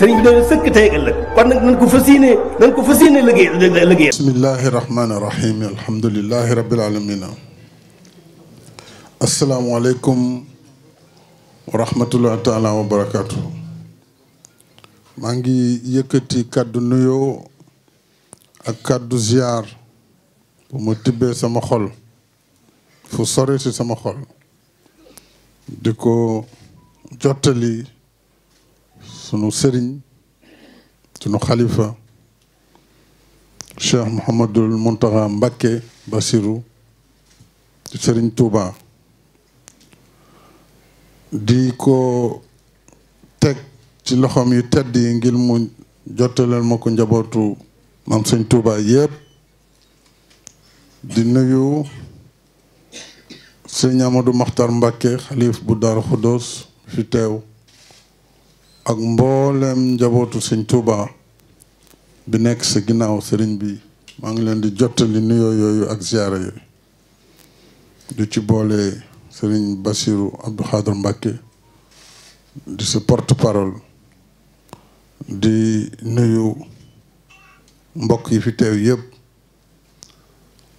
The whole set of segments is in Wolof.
sëriñ bi dana sëkk tey ko fas yéene nañ ko fas yéene liggéey liggéey bismillahi rahmaani rahim taala wa barakaatu maa ngi yëkkati kàddu nuyoo ak kàddu ziar bu ma tibbee sama xol fu sore si sama xol di ko jottali sunu sëriñ sunu xalifa cheikh Mouhamadul Mountakha Mbacké Bassirou sëriñ Touba di ko teg ci loxoom yi tedd ngir mu jottaleel ma ko njabootu maam sëñ Touba yépp di nuyu sëriñ Amadou Makhtar Mbacké xalif bu Daaru Xuddoos fi teew ak mboolem njabootu sëñ Touba bi nekk sa ginnaaw sëriñ bi maa ngi leen di jottali nuyoo yooyu ak ziyaara yooyu du ci boole sëriñ Bassirou Abdou Khadre Mbacké di sa porte parole di nuyu mbokk yi fi teew yëpp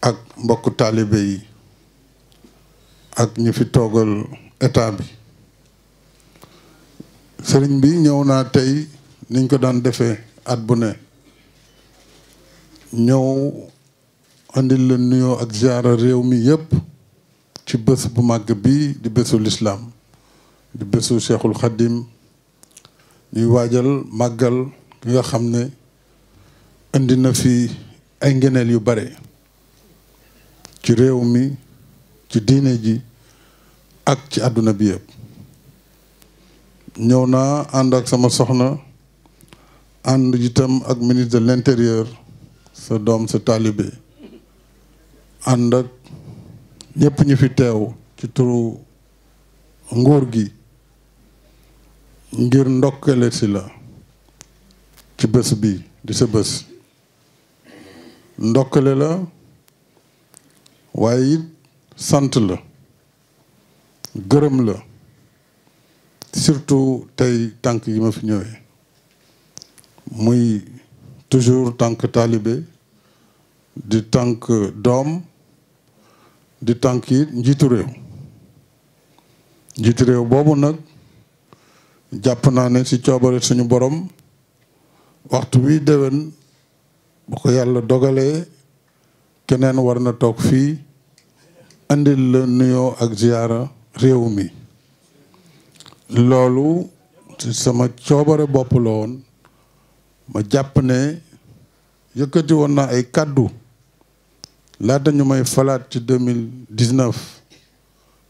ak mbokk taalibe yi ak ñi fi toogal état bi sëriñ bi ñëw naa tey niñ ko daan defee at bu ne ñëw andil la nuyoo ak ziara réew mi yépp ci bés bu màgg bi di bésu lislaam di bésu cheikhul xadim ñuy waajal màggal ki nga xam ne indi na fi ay ngeneel yu bare ci réew mi ci diine ji ak ci àdduna bi yépp ñëw naa ànd ak sama soxna ànd itam ak ministre l'intérieur sa doom sa taalibe ànd ak ñépp ñu fi teew ci turu nguur gi ngir ndokkale si la ci bés bi di sa bés ndokkale la waaye it sant la gërëm la surtout tey tànk yi ma fi ñëwee muy toujours tànk taalibe di tànk doom di tànk it njiitu réew njiitu réew boobu nag jàpp naa ne ci coobare suñu boroom waxtu wi déwén bu ko yàlla dogalee keneen war na toog fii indi la nuyoo ak ziyaara réew mi loolu ci sama coobare bopp la woon ma jàpp ne yëkkati woon na ay kàddu laata ñu may falaat ci deux mille dix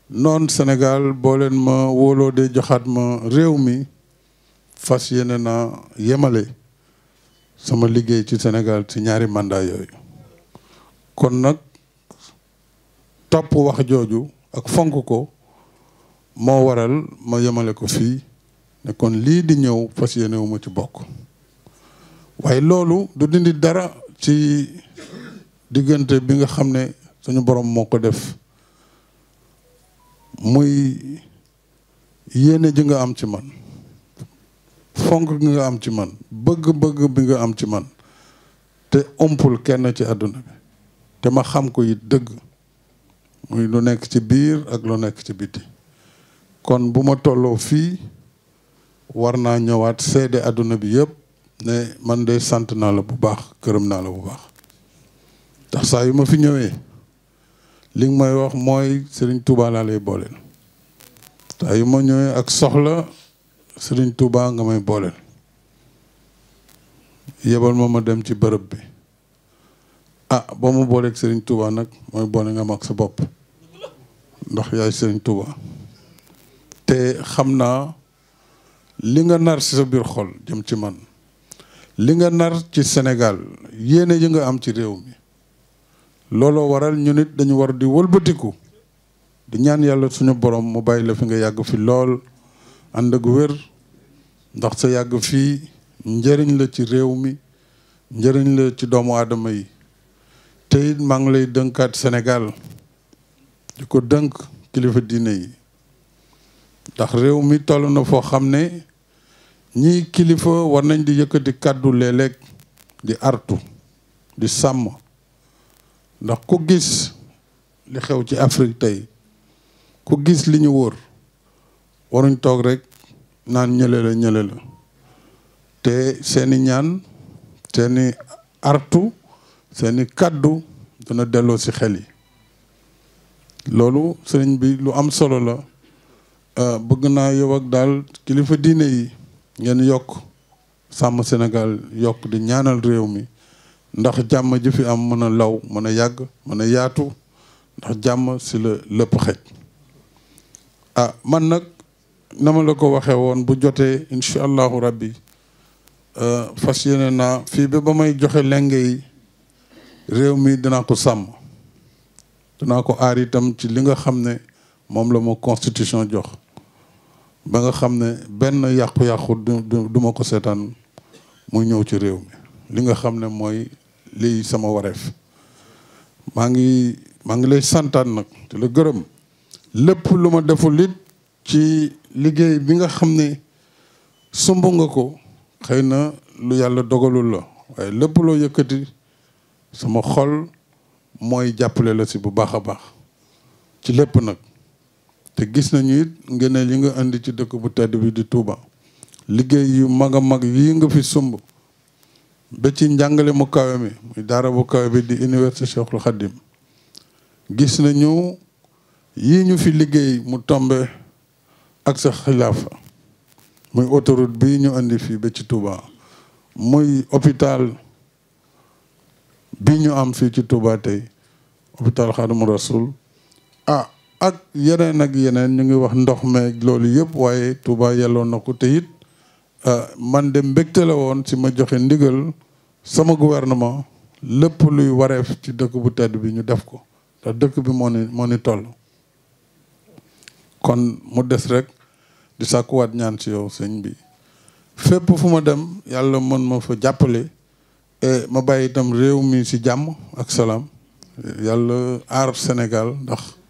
noon Sénégal boo leen ma wóoloo de joxaat ma réew mi fas yéene naa yemale sama liggéey ci Sénégal ci ñaari mandat yooyu kon nag topp wax jooju ak fonk ko moo waral ma yemale ko fii ne kon lii di ñëw fas yéene ci bokk waaye loolu du dindi dara ci diggante bi nga xam ne suñu boroom moo ko def muy yéene ji nga am ci man fonk gi nga am ci man bëgg-bëgg bi nga am ci man te ompul kenn ci àdduna bi te ma xam ko it dëgg muy lu nekk ci biir ak lu nekk ci biti kon bu ma tolloo fii war naa ñëwaat seede àdduna bi yépp ne man de sant naa la bu baax këram naa la bu baax ndax saa yu ma fi ñëwee li may wax mooy sëriñ Touba laa lay booleel saa yu ma ñëwee ak soxla sëriñ Touba nga may booleel yebal ma ma dem ci bërëb bi ah ba mu booleeg sëriñ tuubaa nag mooy boole nga mag sa bopp ndax yaay sëriñ Touba. te xam naa li nga nar ci sa biir xol jëm ci man li nga nar ci Sénégal yéene yi nga am ci réew mi looloo waral ñu nit dañu war di wëlbatiku di ñaan yàlla suñu borom mu bàyyi la fi nga yàgg fi lool ànd ak wér ndax sa yàgg fii njëriñ la ci réew mi njëriñ la ci doomu aadama yi te it maa ngi lay dënkaat Sénégal di ko dënk kilifa diine yi ndax réew mi toll na foo xam ne ñii kilifa war nañ di yëkkati kàddu léeg-léeg di artu di sàmm ndax ku gis li xew ci Afrique tey ku gis li ñu wóor waruñ toog rek naan ñële la ñële la te seeni ñaan seeni artu seeni kàddu dana delloo ci xel yi loolu sëriñ bi lu am solo la Euh, bëgg naa yow daal kilifa diine yi ngeen yokk sàmm Sénégal yokk di ñaanal réew mi ndax jàmm ji fi am mën a law mën a yàgg mën a yaatu ndax jàmm si la lépp xej ah man nag na ma la ko waxee woon bu jotee incha allahu rabbi euh, fas yéene naa fii bi ba may joxe lenge yi réew mi dinaa ko sàmm dinaa ko aar itam ci li nga xam ne moom la ma constitution jox ba nga xam ne benn yàqu-yàqu du du ma ko seetaan mu ñëw ci réew mi li nga xam ne mooy lii sama wareef maa ngi maa ngi lay santaan nag te la gërëm lépp lu ma deful it ci liggéey bi nga xam ne sumb nga ko xëy na lu yàlla dogalul la waaye lépp loo yëkkati sama xol mooy jàppale la si bu baax a baax ci lépp nag te gis nañu it ngeen li nga indi ci dëkk bu tedd bi di Touba liggéey yu mag a mag yii nga fi sumb ba ci njàngale mu kawe mi muy daara bu kawe bi di université Cheikhul Khadim gis nañu yii ñu fi liggéey mu tombe ak sa xilaafa muy autoroute bi ñu indi fii ba ci Touba muy hôpital bi ñu am fii ci Touba tey hôpital Khadimou Rassoul ah ak yeneen ak yeneen ñu ngi wax ndox meeg loolu yëpp waaye Touba yelloon na ko teyit it euh, man de mbégte la woon si ma joxe ndigal sama gouvernement lépp luy wareef ci dëkk bu tedd bi ñu def ko ndax dëkk bi moo ni moo ni toll kon mu des rek di sàkkuwaat ñaan si yow sëñ bi fépp fu ma dem yàlla mën ma fa jàppale et ma bàyyi itam réew mi ci jàmm ak salaam yàlla aar Sénégal ndax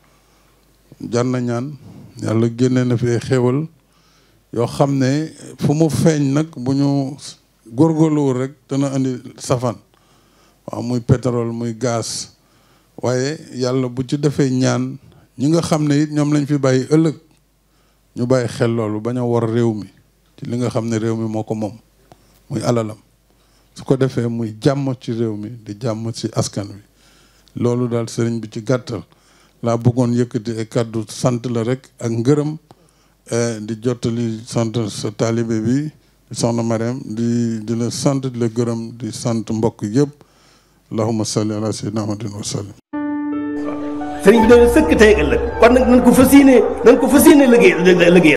jar na ñaan yàlla génne na fi xéwal yoo xam ne fu mu feeñ nag bu ñu góorgóorluwul rek dana indi safan waaw muy pétrole muy gaas waaye yàlla bu ci defee ñaan ñi nga xam ne it ñoom lañ fi bàyyi ëllëg ñu bàyyi xel loolu bañ a war réew mi ci li nga xam ne réew mi moo ko moom muy alalam su ko defee muy jàmm ci réew mi di jàmm ci askan wi loolu daal sëriñ bi ci gàttal laa bëggoon yëkkati ay kàddu sant la rek ak ngërëm eh, di jottali sant sa taalibe bi soxna Mariam di di la sant di la gërëm di sant mbokk yëpp allahumma salli ala sayyidina Muhammadin wa sallim. sëriñ sëkk tey ëllëg kon nag nañ ko fas yéene ko fas yéene liggéey